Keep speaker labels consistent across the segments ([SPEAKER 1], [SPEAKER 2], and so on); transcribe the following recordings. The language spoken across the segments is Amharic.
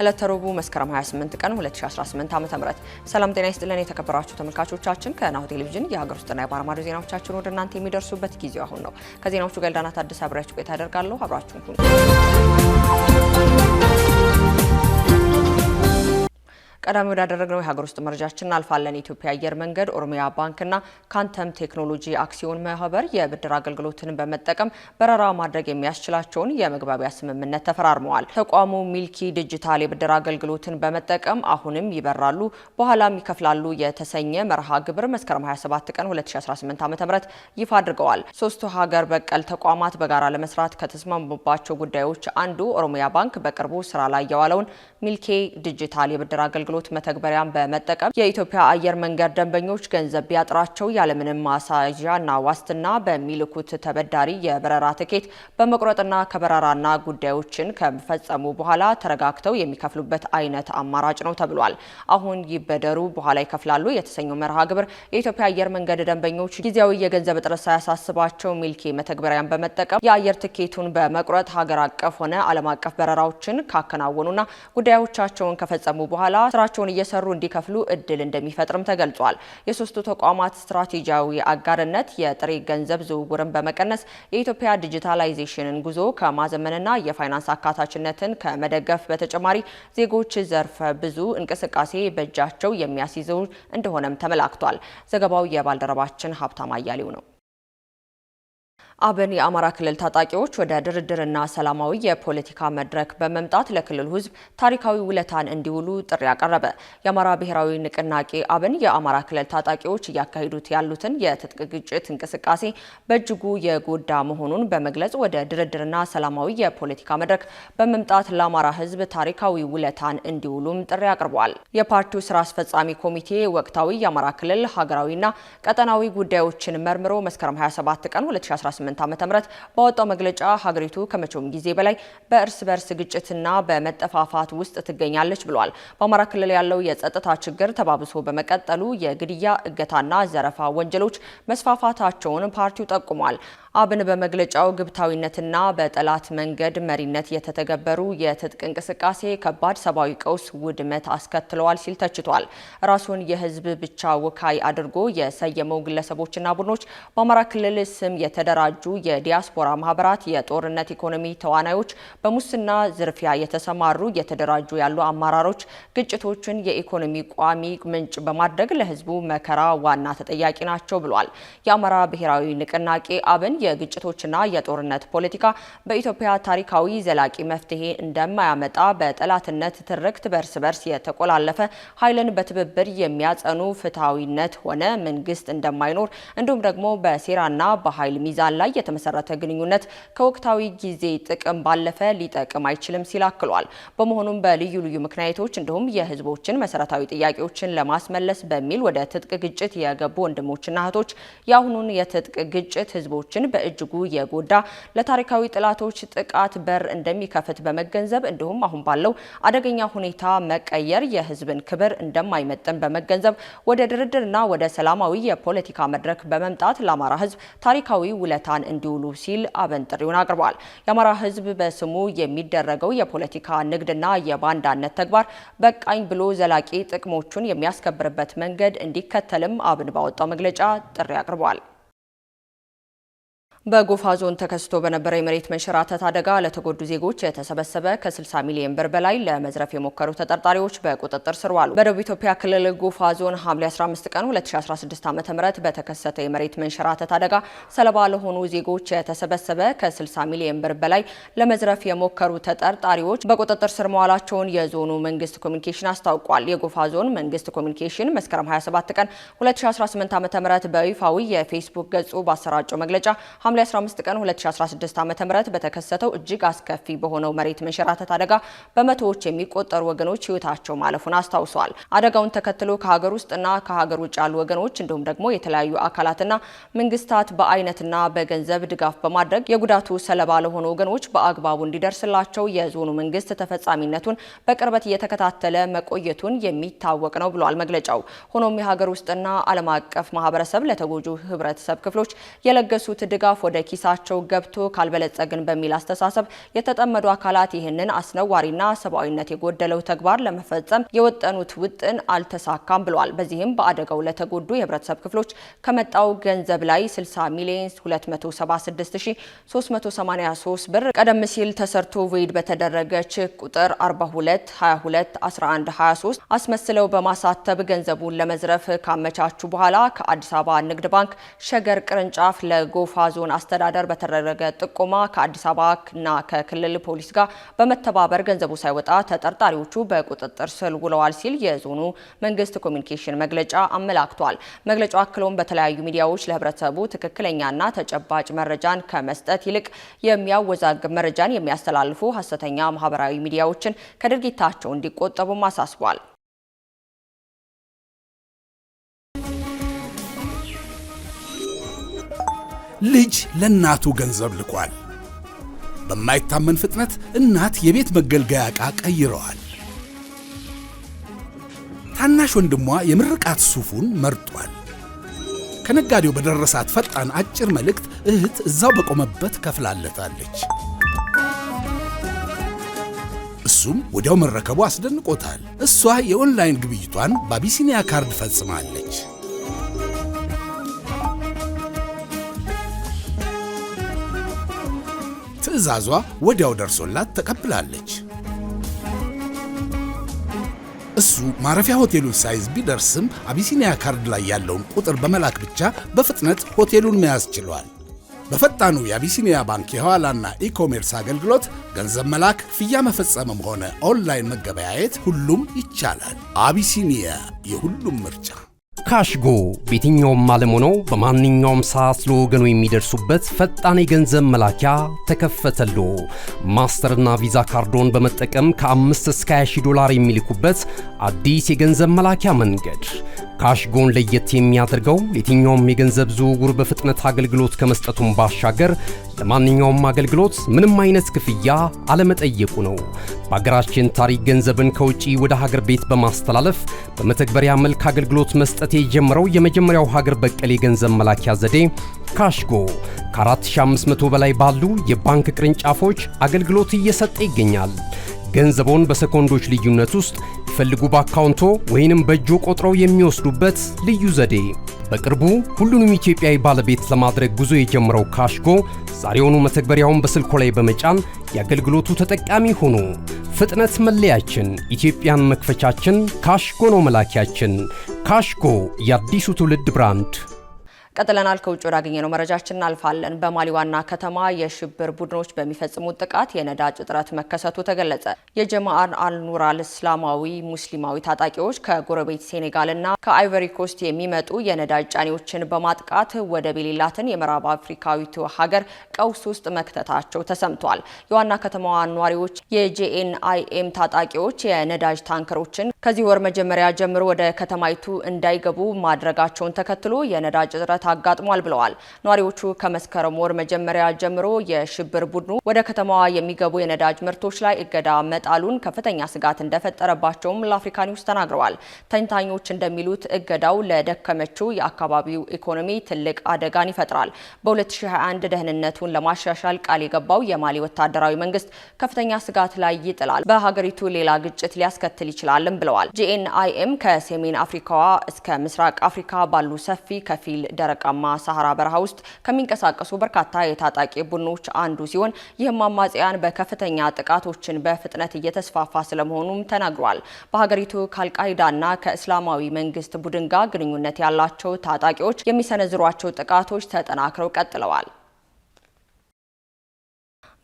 [SPEAKER 1] ዕለተ ረቡዕ መስከረም 28 ቀን 2018 ዓ.ም ሰላም ጤና ይስጥልን የተከበራችሁ ተመልካቾቻችን፣ ከናሁ ቴሌቪዥን የሀገር ውስጥና የባህር ማዶ ዜናዎቻችን ወደ እናንተ የሚደርሱበት ጊዜው አሁን ነው። ከዜናዎቹ ጋር ዳናት አዲስ አብሬያችሁ ቆይታ አደርጋለሁ። አብራችሁን ሁኑ። ቀዳሚ ወዳደረግነው የሀገር ውስጥ መረጃችን እናልፋለን። የኢትዮጵያ አየር መንገድ፣ ኦሮሚያ ባንክና ካንተም ቴክኖሎጂ አክሲዮን ማህበር የብድር አገልግሎትን በመጠቀም በረራ ማድረግ የሚያስችላቸውን የመግባቢያ ስምምነት ተፈራርመዋል። ተቋሙ ሚልኪ ዲጂታል የብድር አገልግሎትን በመጠቀም አሁንም ይበራሉ በኋላም ይከፍላሉ የተሰኘ መርሃ ግብር መስከረም 27 ቀን 2018 ዓ.ም ይፋ አድርገዋል። ሶስቱ ሀገር በቀል ተቋማት በጋራ ለመስራት ከተስማሙባቸው ጉዳዮች አንዱ ኦሮሚያ ባንክ በቅርቡ ስራ ላይ የዋለውን ሚልኬ ዲጂታል የብድር አገልግሎት መተግበሪያን በመጠቀም የኢትዮጵያ አየር መንገድ ደንበኞች ገንዘብ ቢያጥራቸው ያለምንም ማሳዣና ዋስትና በሚልኩት ተበዳሪ የበረራ ትኬት በመቁረጥና ከበረራና ጉዳዮችን ከፈጸሙ በኋላ ተረጋግተው የሚከፍሉበት አይነት አማራጭ ነው ተብሏል። አሁን ይበደሩ በኋላ ይከፍላሉ የተሰኘው መርሃ ግብር የኢትዮጵያ አየር መንገድ ደንበኞች ጊዜያዊ የገንዘብ እጥረት ሳያሳስባቸው ሚልኬ መተግበሪያን በመጠቀም የአየር ትኬቱን በመቁረጥ ሀገር አቀፍ ሆነ ዓለም አቀፍ በረራዎችን ካከናወኑና ጉዳይ ጉዳዮቻቸውን ከፈጸሙ በኋላ ስራቸውን እየሰሩ እንዲከፍሉ እድል እንደሚፈጥርም ተገልጿል። የሶስቱ ተቋማት ስትራቴጂያዊ አጋርነት የጥሬ ገንዘብ ዝውውርን በመቀነስ የኢትዮጵያ ዲጂታላይዜሽንን ጉዞ ከማዘመንና የፋይናንስ አካታችነትን ከመደገፍ በተጨማሪ ዜጎች ዘርፈ ብዙ እንቅስቃሴ በእጃቸው የሚያስይዘው እንደሆነም ተመላክቷል። ዘገባው የባልደረባችን ሀብታም አያሌው ነው። አብን የአማራ ክልል ታጣቂዎች ወደ ድርድርና ሰላማዊ የፖለቲካ መድረክ በመምጣት ለክልሉ ሕዝብ ታሪካዊ ውለታን እንዲውሉ ጥሪ አቀረበ። የአማራ ብሔራዊ ንቅናቄ አብን የአማራ ክልል ታጣቂዎች እያካሄዱት ያሉትን የትጥቅ ግጭት እንቅስቃሴ በእጅጉ የጎዳ መሆኑን በመግለጽ ወደ ድርድርና ሰላማዊ የፖለቲካ መድረክ በመምጣት ለአማራ ሕዝብ ታሪካዊ ውለታን እንዲውሉም ጥሪ አቅርቧል። የፓርቲው ስራ አስፈጻሚ ኮሚቴ ወቅታዊ የአማራ ክልል ሀገራዊና ቀጠናዊ ጉዳዮችን መርምሮ መስከረም 27 ቀን 2018 2018 ዓ.ም በወጣው መግለጫ ሀገሪቱ ከመቼውም ጊዜ በላይ በእርስ በርስ ግጭትና በመጠፋፋት ውስጥ ትገኛለች ብሏል። በአማራ ክልል ያለው የጸጥታ ችግር ተባብሶ በመቀጠሉ የግድያ እገታና ዘረፋ ወንጀሎች መስፋፋታቸውን ፓርቲው ጠቁሟል። አብን በመግለጫው ግብታዊነትና በጠላት መንገድ መሪነት የተተገበሩ የትጥቅ እንቅስቃሴ ከባድ ሰብአዊ ቀውስ ውድመት አስከትለዋል ሲል ተችቷል። ራሱን የህዝብ ብቻ ወካይ አድርጎ የሰየመው ግለሰቦችና ቡድኖች በአማራ ክልል ስም የተደራጁ የዲያስፖራ ማህበራት፣ የጦርነት ኢኮኖሚ ተዋናዮች፣ በሙስና ዝርፊያ የተሰማሩ የተደራጁ ያሉ አመራሮች ግጭቶችን የኢኮኖሚ ቋሚ ምንጭ በማድረግ ለህዝቡ መከራ ዋና ተጠያቂ ናቸው ብሏል። የአማራ ብሔራዊ ንቅናቄ አብን የግጭቶችና የጦርነት ፖለቲካ በኢትዮጵያ ታሪካዊ ዘላቂ መፍትሄ እንደማያመጣ በጠላትነት ትርክት በርስ በርስ የተቆላለፈ ኃይልን በትብብር የሚያጸኑ ፍትሐዊነት ሆነ መንግስት እንደማይኖር እንዲሁም ደግሞ በሴራና በኃይል ሚዛን ላይ የተመሰረተ ግንኙነት ከወቅታዊ ጊዜ ጥቅም ባለፈ ሊጠቅም አይችልም ሲል አክሏል። በመሆኑም በልዩ ልዩ ምክንያቶች እንዲሁም የህዝቦችን መሰረታዊ ጥያቄዎችን ለማስመለስ በሚል ወደ ትጥቅ ግጭት የገቡ ወንድሞችና እህቶች የአሁኑን የትጥቅ ግጭት ህዝቦችን በእጅጉ የጎዳ ለታሪካዊ ጥላቶች ጥቃት በር እንደሚከፍት በመገንዘብ እንዲሁም አሁን ባለው አደገኛ ሁኔታ መቀየር የህዝብን ክብር እንደማይመጥን በመገንዘብ ወደ ድርድርና ወደ ሰላማዊ የፖለቲካ መድረክ በመምጣት ለአማራ ህዝብ ታሪካዊ ውለታን እንዲውሉ ሲል አበንጥሪውን አቅርቧል። የአማራ ህዝብ በስሙ የሚደረገው የፖለቲካ ንግድና የባንዳነት ተግባር በቃኝ ብሎ ዘላቂ ጥቅሞቹን የሚያስከብርበት መንገድ እንዲከተልም አብን ባወጣው መግለጫ ጥሪ አቅርቧል። በጎፋ ዞን ተከስቶ በነበረ የመሬት መንሸራተት አደጋ ለተጎዱ ዜጎች የተሰበሰበ ከ60 ሚሊዮን ብር በላይ ለመዝረፍ የሞከሩ ተጠርጣሪዎች በቁጥጥር ስር ዋሉ። በደቡብ ኢትዮጵያ ክልል ጎፋ ዞን ሐምሌ 15 ቀን 2016 ዓ ም በተከሰተ የመሬት መንሸራተት አደጋ ሰለባ ለሆኑ ዜጎች የተሰበሰበ ከ60 ሚሊዮን ብር በላይ ለመዝረፍ የሞከሩ ተጠርጣሪዎች በቁጥጥር ስር መዋላቸውን የዞኑ መንግስት ኮሚኒኬሽን አስታውቋል። የጎፋ ዞን መንግስት ኮሚኒኬሽን መስከረም 27 ቀን 2018 ዓ ም በይፋዊ የፌስቡክ ገጹ ባሰራጨው መግለጫ ሐምሌ 15 ቀን 2016 ዓ.ም በተከሰተው እጅግ አስከፊ በሆነው መሬት መንሸራተት አደጋ በመቶዎች የሚቆጠሩ ወገኖች ህይወታቸው ማለፉን አስታውሰዋል። አደጋውን ተከትሎ ከሀገር ውስጥና ከሀገር ውጭ ያሉ ወገኖች እንዲሁም ደግሞ የተለያዩ አካላትና መንግስታት በአይነትና በገንዘብ ድጋፍ በማድረግ የጉዳቱ ሰለባ ለሆኑ ወገኖች በአግባቡ እንዲደርስላቸው የዞኑ መንግስት ተፈጻሚነቱን በቅርበት እየተከታተለ መቆየቱን የሚታወቅ ነው ብሏል መግለጫው። ሆኖም የሀገር ውስጥና ዓለም አቀፍ ማህበረሰብ ለተጎጁ ህብረተሰብ ክፍሎች የለገሱት ድጋፍ ወደ ኪሳቸው ገብቶ ካልበለጸግን በሚል አስተሳሰብ የተጠመዱ አካላት ይህንን አስነዋሪና ሰብአዊነት የጎደለው ተግባር ለመፈጸም የወጠኑት ውጥን አልተሳካም ብለዋል። በዚህም በአደጋው ለተጎዱ የህብረተሰብ ክፍሎች ከመጣው ገንዘብ ላይ 60 ሚሊዮን 276383 ብር ቀደም ሲል ተሰርቶ ቮይድ በተደረገች ቁጥር 42 22 11 23 አስመስለው በማሳተብ ገንዘቡን ለመዝረፍ ካመቻቹ በኋላ ከአዲስ አበባ ንግድ ባንክ ሸገር ቅርንጫፍ ለጎፋ ዞን ዞን አስተዳደር በተደረገ ጥቆማ ከአዲስ አበባና ከክልል ፖሊስ ጋር በመተባበር ገንዘቡ ሳይወጣ ተጠርጣሪዎቹ በቁጥጥር ስር ውለዋል ሲል የዞኑ መንግስት ኮሚኒኬሽን መግለጫ አመላክቷል። መግለጫው አክሎም በተለያዩ ሚዲያዎች ለህብረተሰቡ ትክክለኛና ተጨባጭ መረጃን ከመስጠት ይልቅ የሚያወዛግብ መረጃን የሚያስተላልፉ ሀሰተኛ ማህበራዊ ሚዲያዎችን ከድርጊታቸው እንዲቆጠቡም አሳስቧል።
[SPEAKER 2] ልጅ ለእናቱ ገንዘብ ልኳል። በማይታመን ፍጥነት እናት የቤት መገልገያ ዕቃ ቀይረዋል። ታናሽ ወንድሟ የምርቃት ሱፉን መርጧል። ከነጋዴው በደረሳት ፈጣን አጭር መልእክት እህት እዛው በቆመበት ከፍላለታለች። እሱም ወዲያው መረከቡ አስደንቆታል። እሷ የኦንላይን ግብይቷን በአቢሲኒያ ካርድ ፈጽማለች። ትዕዛዟ ወዲያው ደርሶላት ተቀብላለች። እሱ ማረፊያ ሆቴሉን ሳይዝ ቢደርስም አቢሲኒያ ካርድ ላይ ያለውን ቁጥር በመላክ ብቻ በፍጥነት ሆቴሉን መያዝ ችሏል። በፈጣኑ የአቢሲኒያ ባንክ የኋላና ኢኮሜርስ አገልግሎት ገንዘብ መላክ፣ ክፍያ መፈጸምም ሆነ ኦንላይን መገበያየት ሁሉም ይቻላል። አቢሲኒያ የሁሉም ምርጫ
[SPEAKER 3] ካሽጎ በየትኛውም ዓለም ሆነው በማንኛውም ሰዓት ለወገኑ የሚደርሱበት ፈጣን የገንዘብ መላኪያ ተከፈተሎ። ማስተርና ቪዛ ካርዶን በመጠቀም ከ5 እስከ 20 ዶላር የሚልኩበት አዲስ የገንዘብ መላኪያ መንገድ። ካሽጎን ለየት የሚያደርገው የትኛውም የገንዘብ ዝውውር በፍጥነት አገልግሎት ከመስጠቱም ባሻገር ለማንኛውም አገልግሎት ምንም አይነት ክፍያ አለመጠየቁ ነው። በሀገራችን ታሪክ ገንዘብን ከውጪ ወደ ሀገር ቤት በማስተላለፍ በመተግበሪያ መልክ አገልግሎት መስጠት የጀመረው የመጀመሪያው ሀገር በቀል የገንዘብ መላኪያ ዘዴ ካሽጎ ከ4500 በላይ ባሉ የባንክ ቅርንጫፎች አገልግሎት እየሰጠ ይገኛል። ገንዘቦን በሰኮንዶች ልዩነት ውስጥ ይፈልጉ በአካውንቶ ወይንም በእጆ ቆጥረው የሚወስዱበት ልዩ ዘዴ በቅርቡ ሁሉንም ኢትዮጵያዊ ባለቤት ለማድረግ ጉዞ የጀመረው ካሽጎ ዛሬውኑ መተግበሪያውን በስልኮ ላይ በመጫን የአገልግሎቱ ተጠቃሚ ሆኑ። ፍጥነት መለያችን፣ ኢትዮጵያን መክፈቻችን፣ ካሽጎ ነው መላኪያችን። ካሽጎ የአዲሱ ትውልድ ብራንድ
[SPEAKER 1] ቀጥለናል። ከውጭ ነው መረጃችን እናልፋለን። በማሊ ዋና ከተማ የሽብር ቡድኖች በሚፈጽሙት ጥቃት የነዳጅ እጥረት መከሰቱ ተገለጸ። የጀማአን አልኑራል እስላማዊ ሙስሊማዊ ታጣቂዎች ከጎረቤት ሴኔጋልና ከአይቨሪ ኮስት የሚመጡ የነዳጅ ጫኔዎችን በማጥቃት ወደ ቤሌላትን የምዕራብ አፍሪካዊቱ ሀገር ቀውስ ውስጥ መክተታቸው ተሰምቷል። የዋና ከተማዋ ኗሪዎች የጄኤንአይኤም ታጣቂዎች የነዳጅ ታንከሮችን ከዚህ ወር መጀመሪያ ጀምሮ ወደ ከተማይቱ እንዳይገቡ ማድረጋቸውን ተከትሎ የነዳጅ እጥረት አጋጥሟል ብለዋል። ነዋሪዎቹ ከመስከረም ወር መጀመሪያ ጀምሮ የሽብር ቡድኑ ወደ ከተማዋ የሚገቡ የነዳጅ ምርቶች ላይ እገዳ መጣሉን ከፍተኛ ስጋት እንደፈጠረባቸውም ለአፍሪካ ኒውስ ተናግረዋል። ተንታኞች እንደሚሉት እገዳው ለደከመችው የአካባቢው ኢኮኖሚ ትልቅ አደጋን ይፈጥራል። በ2021 ደህንነቱን ለማሻሻል ቃል የገባው የማሊ ወታደራዊ መንግስት ከፍተኛ ስጋት ላይ ይጥላል፣ በሀገሪቱ ሌላ ግጭት ሊያስከትል ይችላልም ብለዋል። ጂኤንአይኤም ከሰሜን አፍሪካዋ እስከ ምስራቅ አፍሪካ ባሉ ሰፊ ከፊል ደረ ደረቃማ ሳሐራ በረሃ ውስጥ ከሚንቀሳቀሱ በርካታ የታጣቂ ቡድኖች አንዱ ሲሆን ይህም አማጽያን በከፍተኛ ጥቃቶችን በፍጥነት እየተስፋፋ ስለመሆኑም ተናግሯል። በሀገሪቱ ከአልቃይዳና ከእስላማዊ መንግስት ቡድን ጋር ግንኙነት ያላቸው ታጣቂዎች የሚሰነዝሯቸው ጥቃቶች ተጠናክረው ቀጥለዋል።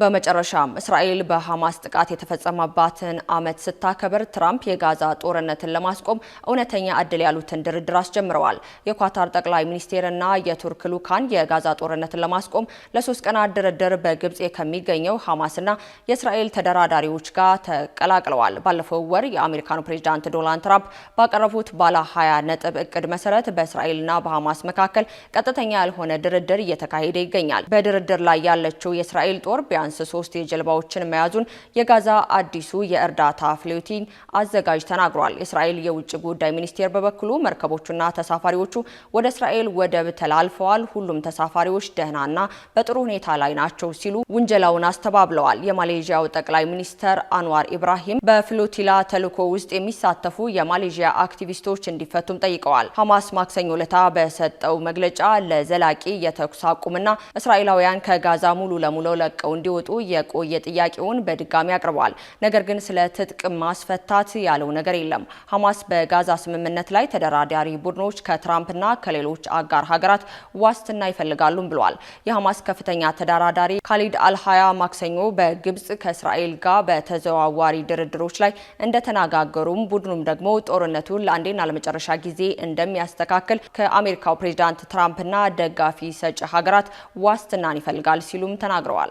[SPEAKER 1] በመጨረሻም እስራኤል በሐማስ ጥቃት የተፈጸመባትን ዓመት ስታከብር ትራምፕ የጋዛ ጦርነትን ለማስቆም እውነተኛ እድል ያሉትን ድርድር አስጀምረዋል። የኳታር ጠቅላይ ሚኒስቴርና የቱርክ ሉካን የጋዛ ጦርነትን ለማስቆም ለሶስት ቀናት ድርድር በግብፅ ከሚገኘው ሐማስና የእስራኤል ተደራዳሪዎች ጋር ተቀላቅለዋል። ባለፈው ወር የአሜሪካኑ ፕሬዚዳንት ዶናልድ ትራምፕ ባቀረቡት ባለ 20 ነጥብ እቅድ መሰረት በእስራኤልና በሐማስ መካከል ቀጥተኛ ያልሆነ ድርድር እየተካሄደ ይገኛል። በድርድር ላይ ያለችው የእስራኤል ጦር ቢያንስ ሶስት የጀልባዎችን መያዙን የጋዛ አዲሱ የእርዳታ ፍሎቲን አዘጋጅ ተናግሯል። የእስራኤል የውጭ ጉዳይ ሚኒስቴር በበኩሉ መርከቦቹና ተሳፋሪዎቹ ወደ እስራኤል ወደብ ተላልፈዋል፣ ሁሉም ተሳፋሪዎች ደህናና በጥሩ ሁኔታ ላይ ናቸው ሲሉ ውንጀላውን አስተባብለዋል። የማሌዥያው ጠቅላይ ሚኒስተር አንዋር ኢብራሂም በፍሎቲላ ተልዕኮ ውስጥ የሚሳተፉ የማሌዥያ አክቲቪስቶች እንዲፈቱም ጠይቀዋል። ሐማስ ማክሰኞ ለታ በሰጠው መግለጫ ለዘላቂ የተኩስ አቁምና እስራኤላውያን ከጋዛ ሙሉ ለሙሉ ለቀው እንዲ እንዲወጡ የቆየ ጥያቄውን በድጋሚ አቅርቧል። ነገር ግን ስለ ትጥቅ ማስፈታት ያለው ነገር የለም። ሐማስ በጋዛ ስምምነት ላይ ተደራዳሪ ቡድኖች ከትራምፕና ከሌሎች አጋር ሀገራት ዋስትና ይፈልጋሉም ብሏል። የሐማስ ከፍተኛ ተደራዳሪ ካሊድ አልሀያ ማክሰኞ በግብጽ ከእስራኤል ጋር በተዘዋዋሪ ድርድሮች ላይ እንደተነጋገሩም ቡድኑም ደግሞ ጦርነቱን ለአንዴና ለመጨረሻ ጊዜ እንደሚያስተካክል ከአሜሪካው ፕሬዚዳንት ትራምፕና ደጋፊ ሰጪ ሀገራት ዋስትናን ይፈልጋል ሲሉም ተናግረዋል።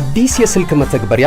[SPEAKER 3] አዲስ የስልክ መተግበሪያ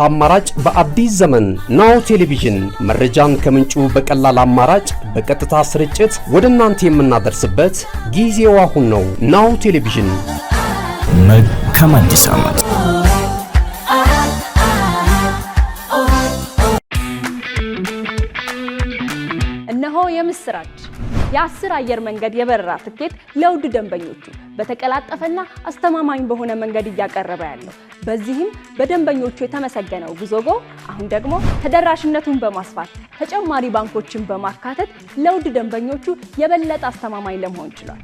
[SPEAKER 3] አማራጭ በአዲስ ዘመን ናሁ ቴሌቪዥን መረጃን ከምንጩ በቀላል አማራጭ በቀጥታ ስርጭት ወደ እናንተ የምናደርስበት ጊዜው አሁን ነው። ናሁ ቴሌቪዥን መልካም አዲስ ዓመት።
[SPEAKER 4] እነሆ የምስራች የአስር አየር መንገድ የበረራ ትኬት ለውድ ደንበኞቹ በተቀላጠፈና አስተማማኝ በሆነ መንገድ እያቀረበ ያለው በዚህም በደንበኞቹ የተመሰገነው ጉዞጎ አሁን ደግሞ ተደራሽነቱን በማስፋት ተጨማሪ ባንኮችን በማካተት ለውድ ደንበኞቹ የበለጠ አስተማማኝ ለመሆን ችሏል።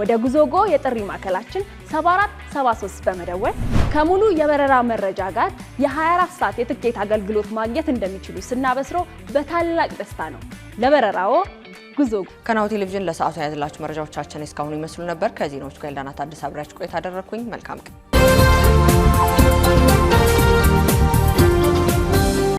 [SPEAKER 4] ወደ ጉዞጎ የጥሪ ማዕከላችን 7473 በመደወል ከሙሉ የበረራ መረጃ ጋር የ24 ሰዓት የትኬት አገልግሎት ማግኘት እንደሚችሉ ስናበስሮ በታላቅ ደስታ ነው። ለበረራዎ
[SPEAKER 1] ጉዞጎ። ከናሁ ቴሌቪዥን ለሰዓቱ የያዝላችሁ መረጃዎቻችን እስካሁኑ ይመስሉ ነበር። ከዜናዎቹ ጋር ኤልዳና ታደሰ አብሬያችሁ ቆይታ አደረግኩኝ። መልካም ቀን